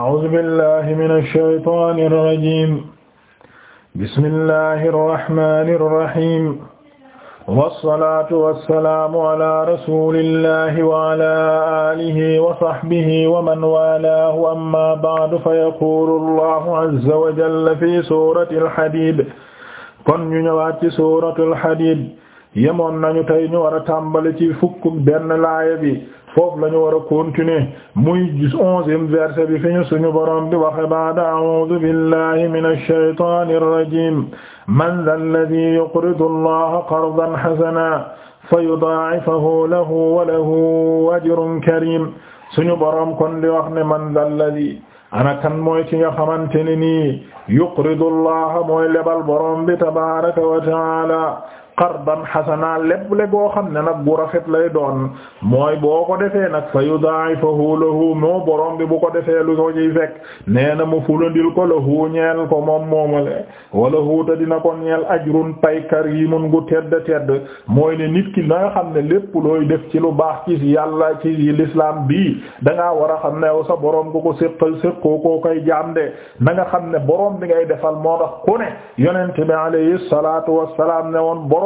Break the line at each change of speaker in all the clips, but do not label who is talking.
أعوذ بالله من الشيطان الرجيم بسم الله الرحمن الرحيم والصلاة والسلام على رسول الله وعلى آله وصحبه ومن والاه أما بعد فيقول الله عز وجل في سورة الحديد kon ñu ñëwaat ci سورة الحديد yemoon nañu tey ñu war a tàmbali ci fukk benn laaya bi foofu la ñu war a continuer muy gis onzième verset bi fi ñu suñu boroom di waxe baada a'uudu billahi minash shaytaanir rajiim man dhal ladhi yuqridu allaha qardan hasanan fayudaa'ifahu lahu wa lahu ajrun kariim suñu boroom kon di wax ne man dhal ladhi ana kan mooy ki nga xamante ne nii yuqridu allaha mooy lebal boroom bi tabaaraka wa ta'aala qardan xasana lépp le goo xam ne nag bu rafet lay doon mooy boo ko defee nag fa yudaa'ifahu lahu moo borom bi bu ko defee lu ko ciy fekk nee na mu fulandil ko lahu ñeel ko moom moomale wala huuta dina ko ñeel ajrun pay karimun gu tedd tedd mooy ne nit ki na xam ne lépp looy def ci lu baax ci yàlla ci lislaam bii danga war a xam ne yow sa borom ku ko séqal séqoo koo koy jaam de na nga xam ne borom bi ngay defal moo tax ku ne yonent bi alayhi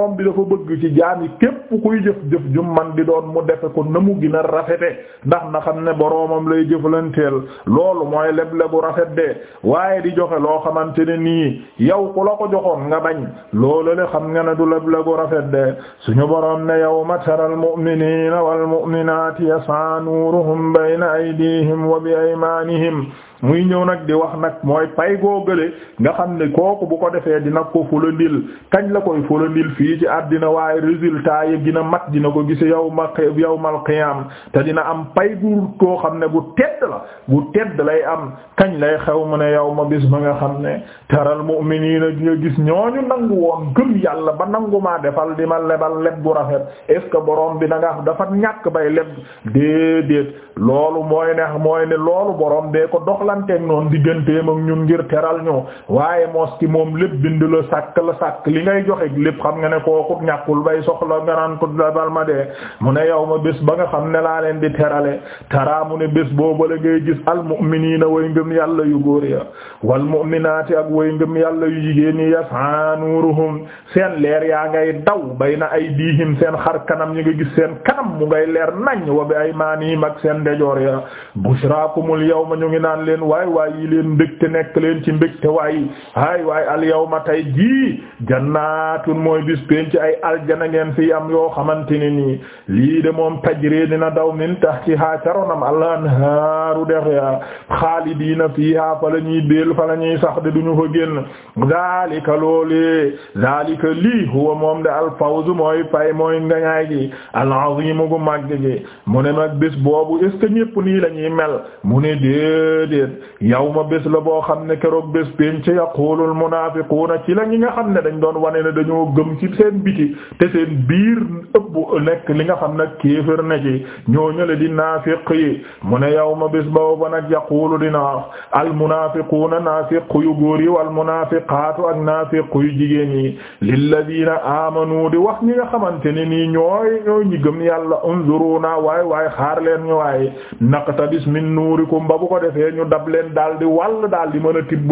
borom bi dafa bëgg ci jaam yi képp kuy jëf jëf ju man di doon mu defe ko na mu gën rafete ndax na xam ne boroomam lay jëflanteel loolu mooy leble bu rafet de waaye di joxe loo xamante ne nii yow ku la ko joxoon nga bañ loolu le xam nga ne du leble bu rafet de ñu borom ne yawma taral mu'minina wal mu'minati yas'a nuruhum bayna aydihim wa bi aymanihim muy ñëw nag di wax nag mooy pay goo gële nga xam ne kooku bu ko defee dina ko fulandil kañ la koy fulandil fii ci àddina waaye résultat yi dina mat dina ko gise yow ma yow mal te dina am pay gu koo xam ne bu tedd la bu tedd lay am kañ lay xew mu ne yow ma bis ba nga xam ne taral mu'minina di nga gis ñooñu nangu woon gëm yàlla ba nangu maa defal di ma lebal leb bu rafet est ce que bi da nga dafa ñàkk bay leb déedéet loolu mooy ne mooy ne loolu borom bee ko dox soxlanteeg noonu digganteem ak ñun ngir teral ñu waaye mos ki moom lépp bind la sàkk la sàkk li ngay joxe lépp xam nga ne ko kooku ñàkkul bay soxla nga naan ko dabal ma dee mu ne yow ma bés ba nga xam ne laa leen di terale taraa mu ne bés boobu la ngay gis almu'miniina way ngëm yàlla yu góor ya wal mu'minaati ak way ngëm yàlla yu jigéen ñi yas'a nuuruhum seen leer yaa ngay daw ay aydiihim seen xar kanam ñu nga gis seen kanam mu ngay leer nañ wa bi aymaanihim seen ndejoor ya leen waay yi leen mbégte nekk leen ci mbégte waay haay waaye al yawma tey jii jannaatun mooy bis pénc ay aljana ngeen fii am yoo xamante ne nii lii de moom tajri dina daw min tahtiha caronam al anhaaru dex ya xaalidiina fiiha fa la ñuy béel fa la sax de duñu ko génn zalika loolee zalika lii huwa moom de al fawzu mooy fay mooy ngañaay gi al azimu gu màgg gi mu ne nag bis boobu est ce ñépp nii la mel mu ne déedéet déedéet yawma bés la boo xam ne keroog bés pénc ci yaqulul munaafiquuna ci la ñi nga xam ne dañ doon wane ne dañoo gëm ci seen biti te seen biir ëpp nekk li nga xam nag kéefër na ci ñoo ñële di naafiq yi mu ne yawma bés ba nag yaqulu dina al munaafiquuna naafiq yu góor yi wal munaafiqaatu ak naafiq yu jigéen yi lilladiina aamanu di wax ñi nga xamante ni nii ñooy ñooy ñi gëm yàlla unzuruna waay waay xaar leen ñu waay naqtabis min nuurikum ba bu ko dab leen daal di wàll daal di mën a tibb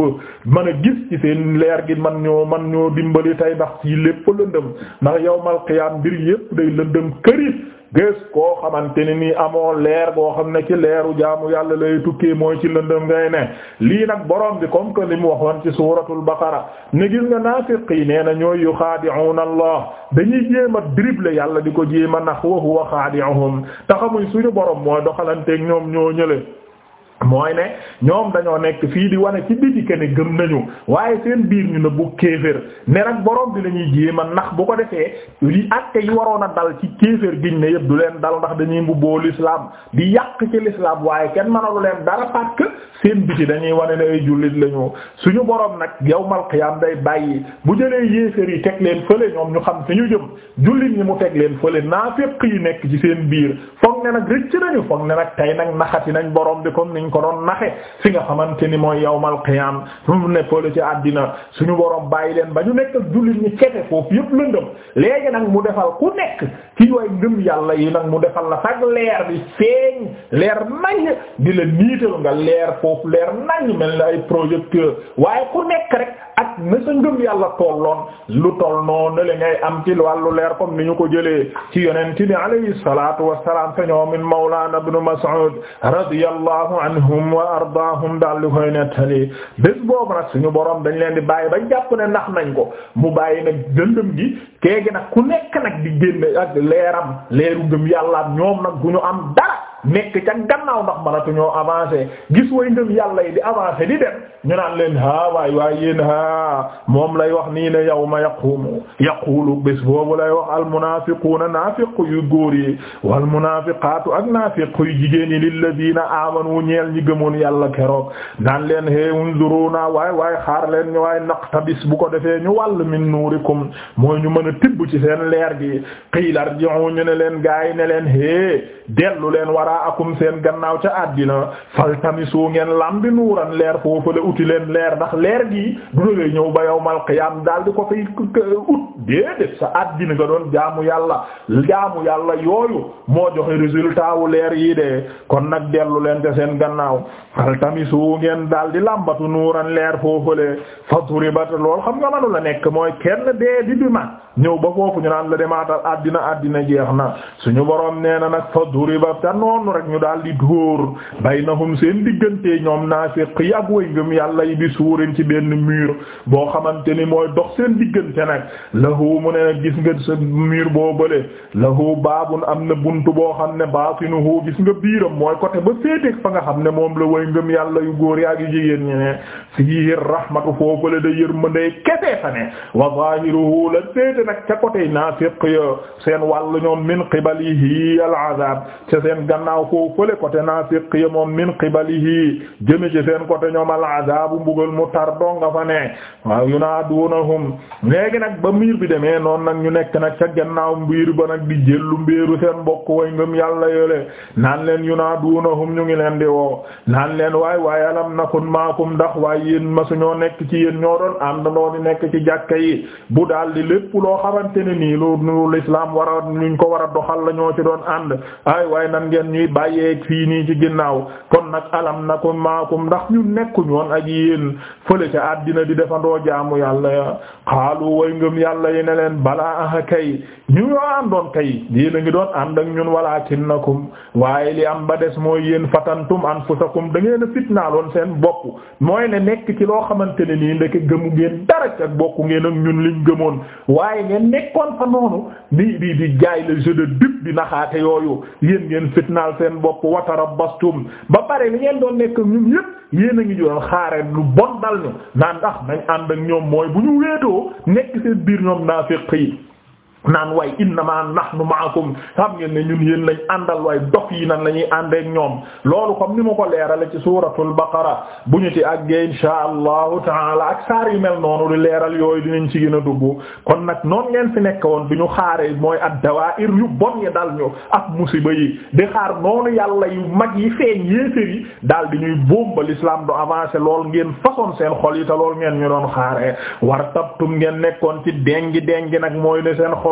mën a gis ci seen leer gi man ñoo man ñoo dimbali tey ndax ci lépp lëndëm ndax yawmal qiyaam mbir yépp day lëndëm këris gës koo xamante ne nii amoo leer boo xam ne ci leeru jaamu yàlla lay tukkee mooy ci lëndëm ngay ne lii nag boroom bi comme que li mu waxoon ci suuratul baqara ne gis nga naafiq yi nee na ñooy yuxaadi'uuna allah dañuy jéem a dribble yàlla di ko jéem a nax wa huwa xaadi'uhum te xamuñ suñu borom mooy doxalanteeg ñoom ñoo ñële mooy ne ñoom dañoo nekk fii di wane ci biti kene ne gëm nañu waaye seen biir ñu ne bu kéefër ne nag borom bi la ñuy jéem a ndax bu ko defee li àtte yi waroon a dal ci kéefër giñ ne yëpp du leen dal ndax dañuy mbubboo l'islam di yàq ci lislaam waaye kenn mënalu leen dara parce que seen biti dañuy wane ne ay jullit lañu suñu borom nag yawmal qiyaam day bàyyi bu jëlee yéefër yi teg leen fële ñoom ñu xam fi ñu jëm jullit ñi mu teg leen fële naafiq yi nekk ci seen biir foog ne nag rëcc nañu foog ne nag tey nag naxati nañ borom bi comme ko doon naxe fi nga xamante ni mooy yawmal qiyaam mu ne fële ci àddina suñu borom bàyyi leen ba ñu nekk ak jullit ñi kese foofu yëpp lëndëm léegi nag mu defal ku nekk ci ngëm yàlla yi nag mu defal la sax leer bi feeñ leer nañ di la niital nga leer foofu leer nañ mel ni ay projecteur waaye ku nekk rek ak na sa ngëm yàlla tolloon lu toll noonu la ngay am ci wàllu leer kom ni ñu ko jëlee ci yonent bi alayhi salaatu wa salaam fa ñoomin mawlaana ibn Mas'ud radiyallahu anhu anhum wa ardaahum daal di koy nettali bés boobu nag suñu boroom dañ leen di bàyyi ba jàpp ne nax nañ ko mu bàyyi nag gëndëm gi kéegi nag ku nekk nag di génne ak leeram leeru gëm yàlla ñoom nag bu ñu am dara. nekk ca gannaaw ndax mënatuñoo avancé gis way ngëm yàlla yi di avancé di dem ñu naan leen haa waay waay yéen haa moom lay wax nii ne yawma yaqumu yaqulu bés boobu lay wax almunafiquna naafiq yu góor yi wal munafiqatu ak naafiq yu jigéen yi lilladina amanu ñeel ñi gëmoon yàlla keroog naan leen hee unzuruna waay waay xaar leen ñu waay naqtabis bu ko defee ñu wàll min nuurikum mooy ñu mën a tibb ci seen leer gi qiila arji'u ñu ne leen gaay ne leen waraakum seen gannaaw ca àddina faltamisu ngeen lambi nuuran leer foofale uti leen leer ndax leer gi du lay ñëw ba yawmal qiyaam daal di ko fay ut déedéet sa àddina nga doon jaamu yàlla jaamu yàlla yooyu moo joxe résultat wu leer yi de kon nag dellu leen te seen gannaaw faltamisu ngeen daal di lambatu nuuran leer foofale faturibat lool xam nga manu la nekk mooy kenn dee di bi ma ñëw ba foofu ñu naan la demaatal àddina àddina jeex na suñu borom nee noonu rek ñu daal di dóor baynahum seen diggante ñoom naafiq yi ak way ngëm yàlla yi bi suurin ci benn mur boo xamante ni mooy dox seen diggante nag lahu mu ne gis nga sa mur boo bële lahu baabun am na bunt boo xam ne baatinuhu gis nga biiram mooy côté ba féeteeg fa nga xam ne moom la way ngëm yàlla yu góor yaa yu jigéen ñi ne fiihi rahmatu foofu la da yërmande kese fa ne wa zaahiruhu la féete nag ca côté naafiq ya seen wàll ñoom min qibalihi al ginnaaw foofu fële côté naafiq ya moom min qibalihi jëme ci seen côté ñoom al azaabu mbugal mu tar doo nga fa ne waaw yunaadunahum léegi nag ba miir bi demee noon nag ñu nekk nag ca gennaaw mbiir ba nag di jëllu mbiiru seen mbokk way ngëm yàlla yole naan leen yu yunaadunahum ñu ngi leen di woo naan leen waay waay alam nakun maakum ndax waay yéen masu ñoo nekk ci yéen ñoo doon àndandoo di nekk ci jàkka yi bu daal di lépp loo xamante ne nii lu nurul war a ko war a la ñoo ci doon ànd ñuy bàyyeeg fii nii ci ginnaaw kon nag alam nakum maakum ndax ñu nekkuñu woon ak yéen fële ca àddina di defandoo jaamu yàlla ya xaalu way ngëm yàlla yi ne leen balaa aha kay ñu ñoo doon kay yéen a ngi doon ànd ak ñun walaakinnakum waaye li am ba des mooy yéen fatantum anfusakum da dangeen a fitnaaloon seen bopp mooy ne nekk ci loo xamante ne nii ndeke gëmu ngeen dara ak bokku ngeen ak ñun liñ gëmoon waaye ngeen nekkoon fa noonu di di di jaay sàkkal seen bopp wa tarabbastum ba pare li ngeen doon nekk ñun yépp yéen a ngi doon xaare lu bon dal ñu naan ndax ah, nañ ànd ak ñoom mooy bu ñu wéetoo nekk seen biir ñoom naafiq yi naan waay innama nahnu maakum xam ngeen ne ñun yéen lañ àndal waay dox yi nan la ñuy àndeek ñoom loolu comme ni ma ko leerale ci suratul baqara bu ñu ci àggee insha allahu taala ak saar yu mel noonu di leeral yooyu dinañ ci gën a dugg kon nag noon ngeen fi nekk woon bi ñu xaaree mooy ak dawaa'ir yu bon yi dal ñu ak musiba yi di xaar noonu yàlla yu mag yi feeñ yéesér yi daal di ñuy boom ba l'islam du avancé lool ngeen façon seen xol yi te lool ngeen ñu doon xaaree war tabtum ngeen nekkoon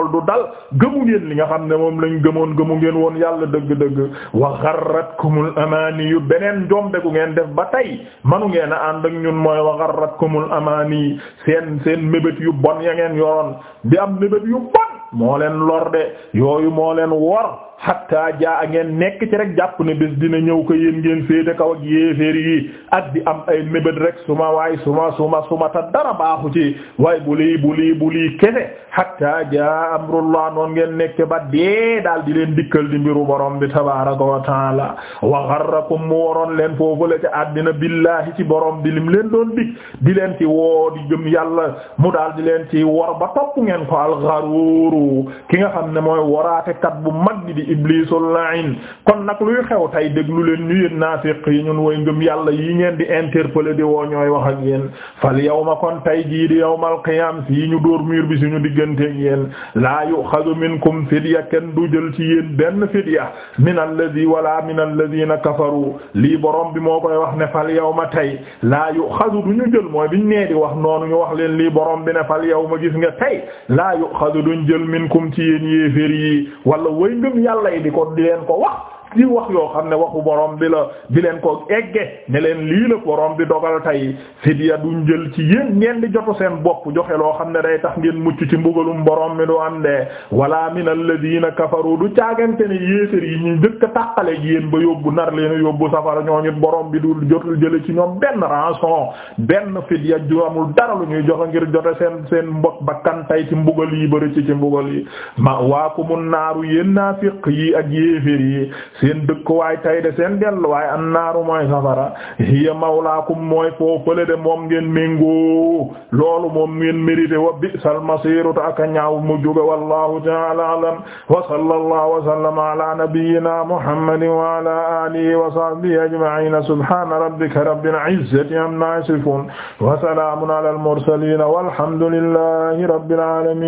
xol du dal gëmu ngeen li nga xam ne moom lañ gëmoon gëmu ngeen woon yàlla dëgg-dëgg wa gharratkumul amaani yu beneen jombe gu ngeen def ba tey manu ngeen a ànd ak ñun mooy wa gharratkumul amaani seen seen mébét yu bon ya ngeen yoroon bi am mébét yu bon moo leen lor de yooyu moo leen wor hatta jaa ngeen nekk ci rek jàpp ne bés dina ñëw ko yéen ngeen féete kaw ak yi ak di am ay mébét rek suma waay suma suma suma ta dara baaxu ci waay bu buli bu lii bu lii kese hatta jaa amrullah noon ngeen nekk ba dee daal di leen dikkal di mbiru borom bi tabaaraka wa taala wa gharrakum mu waroon leen foofu la ca àddina billahi ci borom bi lim leen doon dig di leen ci woo di gëm yàlla mu daal di leen ci wor ba topp ngeen ko al gharuuru ki nga xam ne mooy woraatekat bu mag bi iblisul la'in kon nag luy xew tey déglu leen ñu yéen naafiq yi ñun way ngëm yàlla yi ngeen di interpeller di woo ñooy wax ak yéen fal ma kon tey jii di ma qiyam fii ñu dóor mur bi suñu digganteeg yéen laa yu'khadhu minkum fidya kenn du jël ci yéen benn fidya min alladhi wala min alladhina kafaru lii borom bi moo koy wax ne fal ma tey laa yu'khadhu du ñu jël mooy biñ nee di wax noonu ñu wax leen lii borom bi ne fal yawma gis nga tey laa yu'khadhu duñ jël minkum ci yéen yi yàlla ko di leen ko ci wax yoo xam ne waxu boroom bi la bi leen ko egge ne leen lii la borom bi dogal tey fidya duñ jël ci yéen ngeen di jotu seen bopp joxe loo xam ne day tax ngeen mucc ci mbugalum borom mi du am de wala min alladina kafaru du caagante ni yéesér yi ñu njëkk a tàqale ji yéen ba yóbbu nar leen yóbbu safara ñoo ñit boroom bi du jotul jële ci ñoom benn rançon benn fidya ju amul dara lu ñuy joxe ngir jote seen seen mbokk bakkan tey ci mbugal yi bari ci ci mbugal yi ma waakumun naaru yéen naafiq yi ak yi seen dëkkuwaay tay de seen delluwaay annaaru mooy safara hiya mawlaakum mooy foofale de moom ngeen méngoo loolu moom ngeen mérité wa bi'sal masiiru ta aka ñaaw mu jóge wallahu ta'ala a'lam wa sallallahu wa sallama ala nabiyyina muhammadin wa ala alihi wa sahbihi ajma'in subhana rabbika rabbil izzati amma yasifun wa salamun ala al mursalin walhamdulillahi rabbil alamin